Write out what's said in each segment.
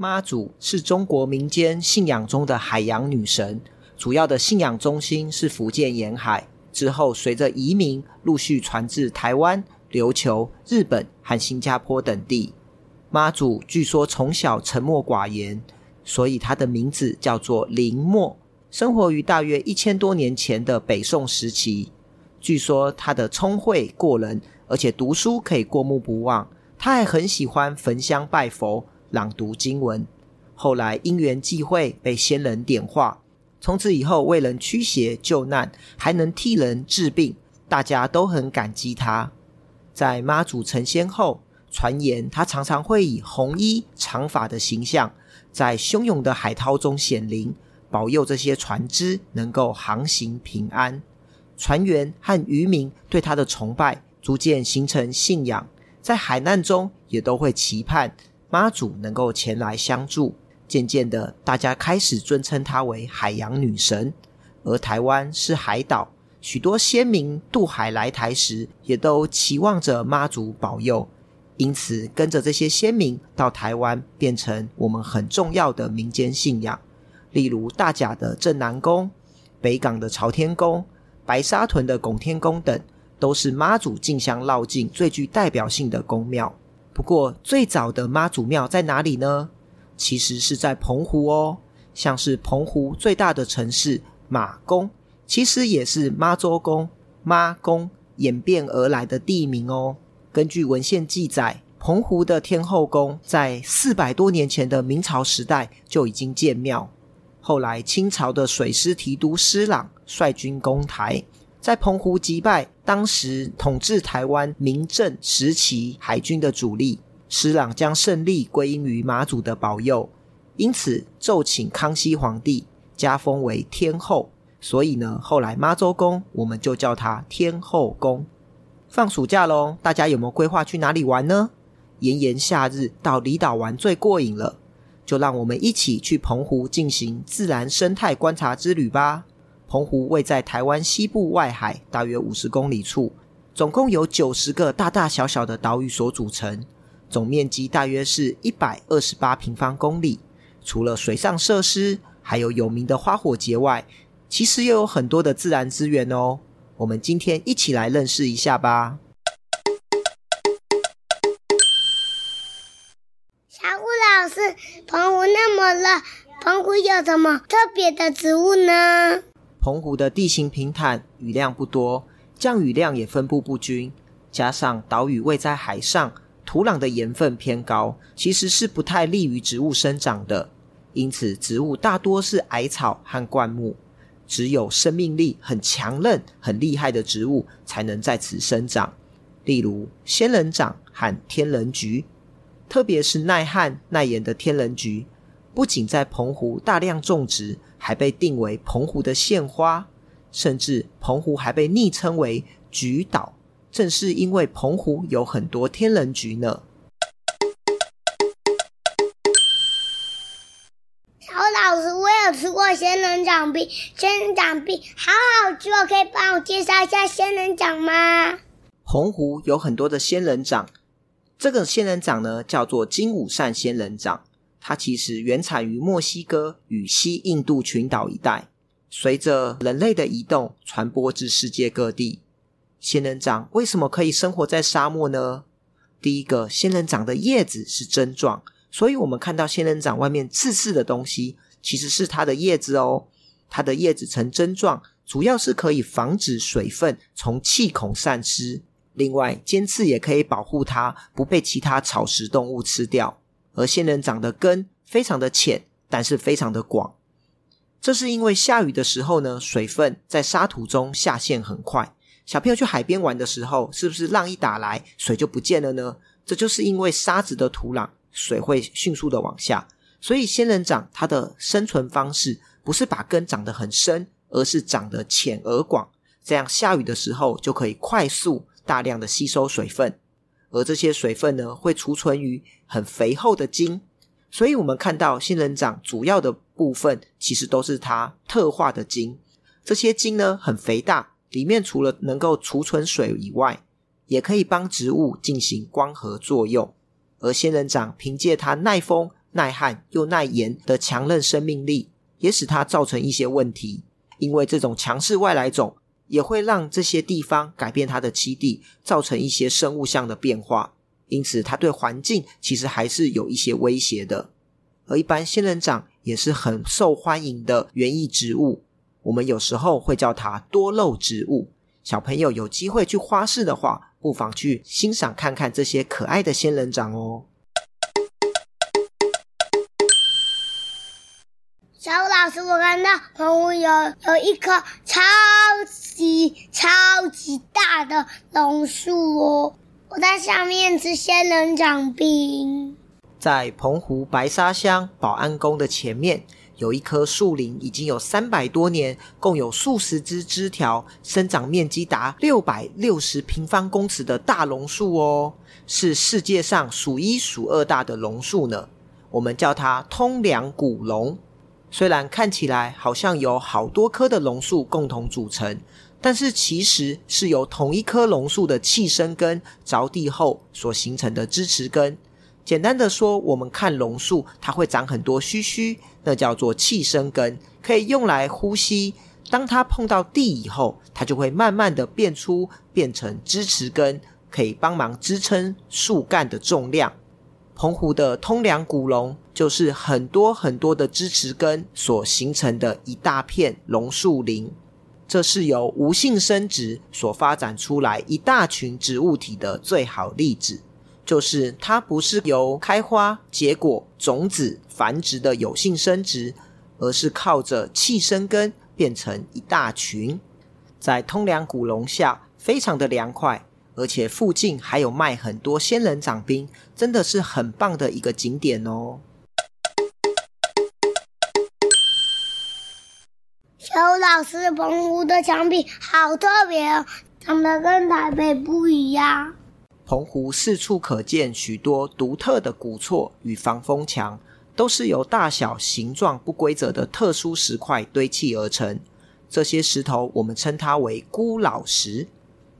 媽祖是中國民間信仰中的海洋女神，主要的信仰中心是福建沿海。之後，隨着移民陸續傳至台灣、琉球、日本和新加坡等地。媽祖據說從小沉默寡言，所以她的名字叫做林默。生活於大約一千多年前的北宋時期，據說她的聰慧過人，而且讀書可以過目不忘。她還很喜歡焚香拜佛。朗讀經文，後來因緣際會被仙人點化，從此以後為人驅邪救難，還能替人治病，大家都很感激他。在媽祖成仙後，傳言他常常會以紅衣長髮的形象，在洶湧的海濤中顯靈，保佑這些船隻能夠航行平安。船員和漁民對他的崇拜逐漸形成信仰，在海難中也都會期盼，媽祖能夠前來相助，漸漸的，大家開始尊稱她為海洋女神。而台灣是海島，許多先民渡海來台時，也都期望着媽祖保佑，因此跟着這些先民到台灣，變成我們很重要的民間信仰。例如大甲的鎮瀾宮、北港的朝天宮、白沙屯的拱天宮等，都是媽祖進香繞境最具代表性的宮廟。不過，最早的媽祖廟在哪裡呢？其實是在澎湖哦，像是澎湖最大的城市馬公，其實也是媽祖宮媽宮演變而來的地名哦。根據文獻記載，澎湖的天後宮在四百多年前的明朝時代就已經建廟，後來清朝的水師提督施琅率軍攻台。在澎湖擊敗當時統治台灣明鄭時期海軍的主力，施琅將勝利歸因於媽祖的保佑，因此奏請康熙皇帝加封為天後。所以呢，後來媽祖宮我們就叫它天後宮。放暑假嘍，大家有沒有規劃去哪裡玩呢？炎炎夏日到離島玩最過癮了，就讓我們一起去澎湖進行自然生態觀察之旅吧。澎湖位在台灣西部外海，大約五十公里處，總共有九十個大大小小的島嶼所組成，總面積大約是一百二十八平方公里。除了水上設施，還有有名的花火節外，其實又有很多的自然資源哦。我們今天一起來認識一下吧。小虎老師，澎湖那麼熱，澎湖有什麼特別的植物呢？澎湖的地形平坦，雨量不多，降雨量也分佈不均，加上島嶼位在海上，土壤的鹽分偏高，其實是不太利於植物生長的。因此，植物大多是矮草和灌木，只有生命力很強韌、很厲害的植物才能在此生長。例如仙人掌和天人菊，特別是耐旱耐鹽的天人菊，不僅在澎湖大量種植。還被定為澎湖的縣花，甚至澎湖還被昵稱為“菊島”，正是因為澎湖有很多天人菊呢。小老師，我有吃過仙人掌冰，仙人掌冰好好吃，可以幫我介紹一下仙人掌嗎？澎湖有很多的仙人掌，這個仙人掌呢，叫做金武扇仙人掌。它其實原產於墨西哥與西印度群島一帶，隨着人類的移動傳播至世界各地。仙人掌為什麼可以生活在沙漠呢？第一個，仙人掌的葉子是針狀，所以我們看到仙人掌外面刺刺的東西，其實是它的葉子哦。它的葉子呈針狀，主要是可以防止水分從氣孔散失。另外，尖刺也可以保護它不被其他草食動物吃掉。而仙人掌的根非常的淺，但是非常的廣，這是因為下雨的時候呢，水分在沙土中下陷很快。小朋友去海邊玩的時候，是不是浪一打來，水就不見了呢？這就是因為沙子的土壤，水會迅速的往下。所以仙人掌它的生存方式不是把根長得很深，而是長得淺而廣，這樣下雨的時候就可以快速大量的吸收水分。而這些水分呢，會儲存於很肥厚的莖，所以我們看到仙人掌主要的部分其實都是它特化的莖。這些莖呢，很肥大，裡面除了能夠儲存水以外，也可以幫植物進行光合作用。而仙人掌憑借它耐風、耐旱又耐鹽的強韌生命力，也使它造成一些問題，因為這種強勢外來種。也會讓這些地方改變它的棲地，造成一些生物相的變化，因此它對環境其實還是有一些威脅的。而一般仙人掌也是很受歡迎的園藝植物，我們有時候會叫它多肉植物。小朋友有機會去花市的話，不妨去欣賞看看這些可愛的仙人掌哦。小虎老師，我看到澎湖有有一棵超級超級大的榕樹哦！我在下面吃仙人掌冰。在澎湖白沙鄉保安宮的前面，有一棵樹齡已經有三百多年，共有數十枝枝條，生長面積達六百六十平方公尺的大榕樹哦，是世界上數一數二大的榕樹呢。我們叫它通梁古榕。雖然看起來好像有好多棵的榕樹共同組成，但是其實是由同一棵榕樹的氣生根着地後所形成的支持根。簡單的說，我們看榕樹，它會長很多鬚鬚，那叫做氣生根，可以用來呼吸。當它碰到地以後，它就會慢慢的變粗，變成支持根，可以幫忙支撐樹幹的重量。澎湖的通梁古榕就是很多很多的支持根所形成的一大片榕樹林，這是由無性生殖所發展出來一大群植物體的最好例子。就是它不是由開花、結果、種子繁殖的有性生殖，而是靠着氣生根變成一大群，在通梁古榕下非常的涼快。而且附近還有賣很多仙人掌冰，真的是很棒的一個景點哦。小老師，澎湖的牆壁好特別哦，長得跟台北不一樣。澎湖四處可見許多獨特的古厝與防風牆，都是由大小、形狀不規則的特殊石塊堆砌而成。這些石頭我們稱它為咾咕石。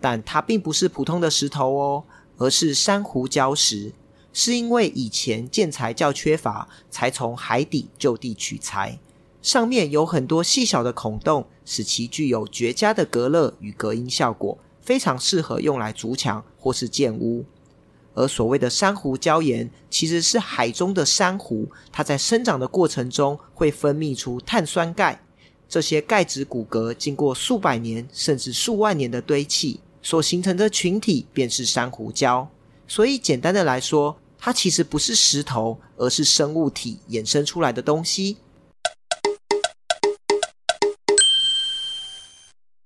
但它並不是普通的石頭哦，而是珊瑚礁石，是因為以前建材較缺乏，才從海底就地取材。上面有很多細小的孔洞，使其具有絕佳的隔熱與隔音效果，非常適合用來築牆或是建屋。而所謂的珊瑚礁岩，其實是海中的珊瑚，它在生長的過程中會分泌出碳酸鈣，這些鈣質骨骼經過數百年甚至數萬年的堆砌。所形成的群體便是珊瑚礁，所以簡單的來說，它其實不是石頭，而是生物體衍生出來的東西。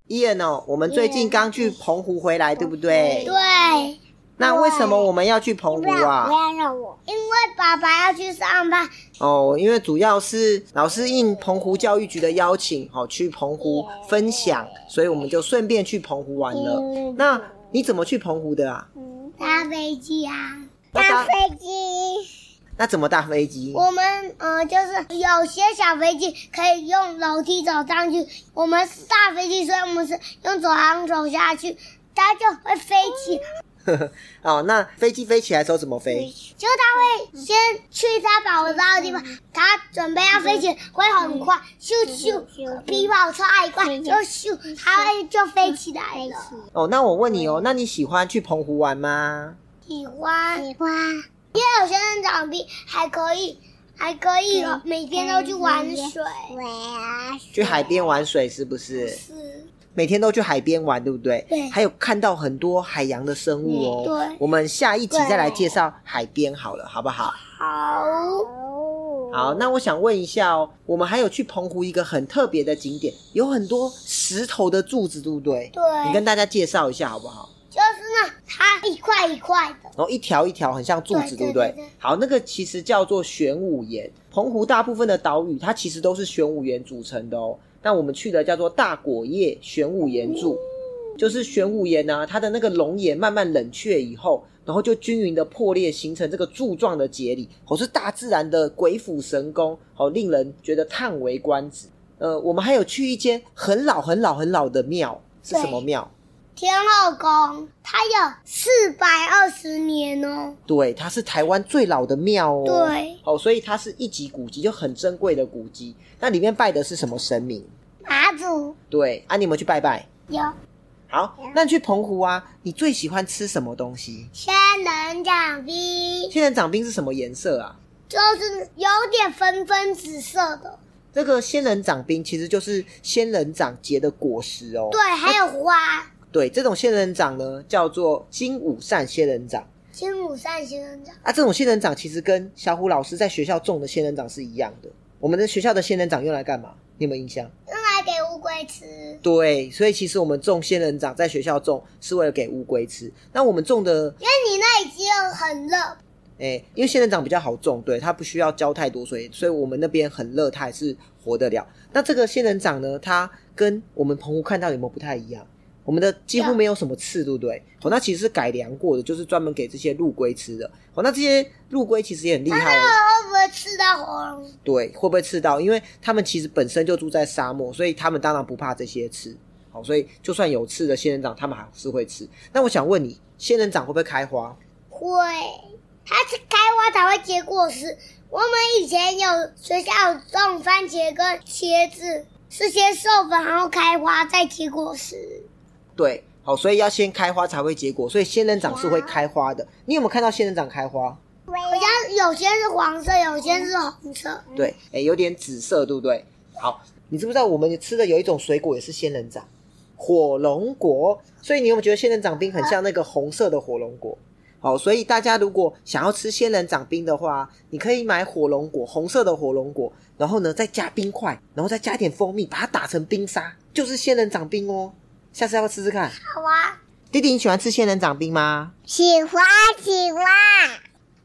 Ian 哦，我們最近剛去澎湖回來，對不對？對。那為什麼我們要去澎湖啊？因為，因為爸爸要去上班。哦，因為主要是老師應澎湖教育局的邀請，哦，去澎湖分享，欸、所以我們就順便去澎湖玩了。嗯嗯、那你怎麼去澎湖的啊？搭、嗯、飛機啊！搭、哦、飛機。那怎麼搭飛機？我們呃，就是有些小飛機可以用樓梯走上去，我們是大飛機，所以我們是用左航走下去，它就會飛起。嗯 哦，那飛機飛起來的時候怎麼飛？就它會先去它跑道的地方，它準備要飛起，會、嗯、很快，咻咻，咻比跑車還快，就咻，它會就飛起來了。嗯嗯嗯、哦，那我問你哦，那你喜歡去澎湖玩嗎？喜歡喜歡，因為有仙人掌冰，還可以，還可以每天都去玩水，去海邊玩水是不是？是。每天都去海邊玩，對不對？對。還有看到很多海洋的生物哦。嗯，對。我們下一集再來介紹海邊好了，好不好？對。好。好，那我想問一下哦，我們還有去澎湖一個很特別的景點，有很多石頭的柱子，對不對？對。你跟大家介紹一下好不好？就是那它一塊一塊的，然後一條一條很像柱子，對，對，對，對，對，對不對？好，那個其實叫做玄武岩。澎湖大部分的島嶼，它其實都是玄武岩組成的哦。那我們去的叫做大果葉玄武岩柱，就是玄武岩吶、啊，它的那個熔岩慢慢冷卻以後，然後就均勻的破裂，形成這個柱狀的節理，好是大自然的鬼斧神工，好令人覺得嘆為觀止。呃，我們還有去一間很老很老很老的廟，是什麼廟？天後宮，它有四百二十年哦。對，它是台灣最老的廟哦。對，哦，所以它是一級古蹟，就很珍貴的古蹟。那裡面拜的是什麼神明？媽祖。對，啊，你有沒有去拜拜？有。好，有那你去澎湖啊，你最喜歡吃什麼東西？仙人掌冰。仙人掌冰是什麼顏色啊？就是有點粉粉紫色的。這個仙人掌冰其實就是仙人掌結的果實哦。對，那還有花、啊。對，這種仙人掌呢，叫做金武扇仙人掌。金武扇仙人掌啊，這種仙人掌其實跟小虎老師在學校種的仙人掌是一樣的。我們的學校的仙人掌用來幹嘛？你有沒有印象？用來給烏龜吃。對，所以其實我們種仙人掌在學校種是為了給烏龜吃。那我們種的，因為你那已經很熱。誒，因為仙人掌比較好種，對它不需要澆太多水，所以，所以我們那邊很熱，它還是活得了。那這個仙人掌呢，它跟我們澎湖看到有沒有不太一樣？我們的幾乎沒有什麼刺，對不對？要 好，那其實是改良過的，就是專門給這些陸龜吃的。好，那這些陸龜其實也很厲害哦。它會不會刺到喉嚨？對，會不會刺到？因為它們其實本身就住在沙漠，所以它們當然不怕這些刺。好，所以就算有刺的仙人掌，它們還是會吃。那我想問你，仙人掌會不會開花？會，它是開花才會結果實。我們以前有學校有種番茄跟茄子，是先授粉，然後開花，再結果實。對，好，所以要先開花才會結果，所以仙人掌是會開花的。你有沒有看到仙人掌開花？我家有些是黃色，有些是紅色。對，誒，有點紫色，對不對？好，你知不知道我們吃的有一種水果也是仙人掌？火龍果。所以你有沒有覺得仙人掌冰很像那個紅色的火龍果？好，所以大家如果想要吃仙人掌冰的話，你可以買火龍果，紅色的火龍果，然後呢再加冰塊，然後再加點蜂蜜，把它打成冰沙，就是仙人掌冰哦。下次要不要吃吃看？好啊，弟弟，你喜歡吃仙人掌冰嗎？喜歡喜歡。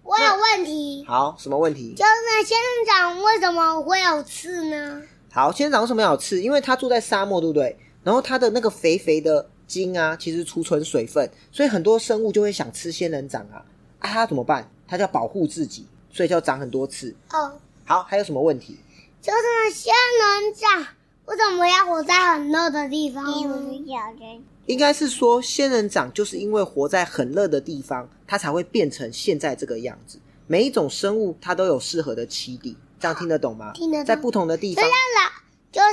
我有問題。好，什麼問題？就是那仙人掌為什麼會有刺呢？好，仙人掌為什麼有刺？因為它住在沙漠，對不對？然後它的那個肥肥的莖啊，其實儲存水分，所以很多生物就會想吃仙人掌啊。啊，它怎麼辦？它就要保護自己，所以就要長很多刺。哦。好，還有什麼問題？就是那仙人掌。我怎麼要活在很熱的地方？應該是說，仙人掌就是因為活在很熱的地方，它才會變成現在這個樣子。每一種生物，它都有適合的棲地，這樣聽得懂嗎？聽得懂。在不同的地方，就像老，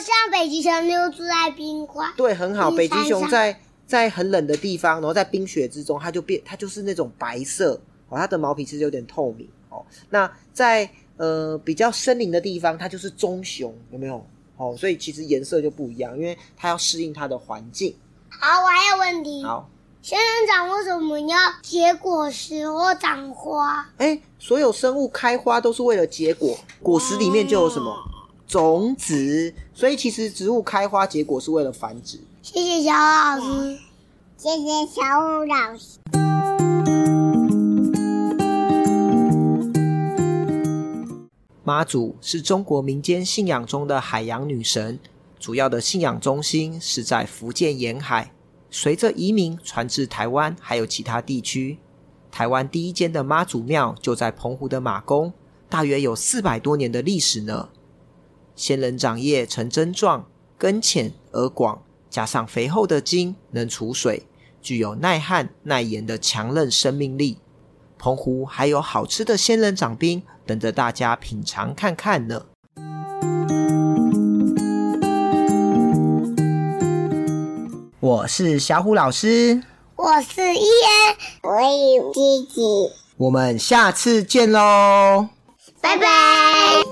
就像北極熊，又住在冰塊。對，很好。北極熊在在很冷的地方，然後在冰雪之中，它就變，它就是那種白色哦。它的毛皮其實有點透明哦。那在呃比較森林的地方，它就是棕熊，有沒有？哦，所以其實顏色就不一樣，因為它要適應它的環境。好，我還有問題。好，仙人掌為什麼要結果實或長花？哎，所有生物開花都是為了結果，果實裡面就有什麼、嗯、種子，所以其實植物開花結果是為了繁殖。謝謝小老師，嗯、謝謝小虎老師。媽祖是中國民間信仰中的海洋女神，主要的信仰中心是在福建沿海，隨着移民傳至台灣還有其他地區。台灣第一間的媽祖廟就在澎湖的馬公，大約有四百多年的歷史呢。仙人掌葉呈針狀，根淺而廣，加上肥厚的莖能儲水，具有耐旱耐鹽的強韌生命力。澎湖還有好吃的仙人掌冰，等着大家品嘗看看呢。我是小虎老師，我是伊恩，我是弟弟，基基，我們下次見嘍，拜拜。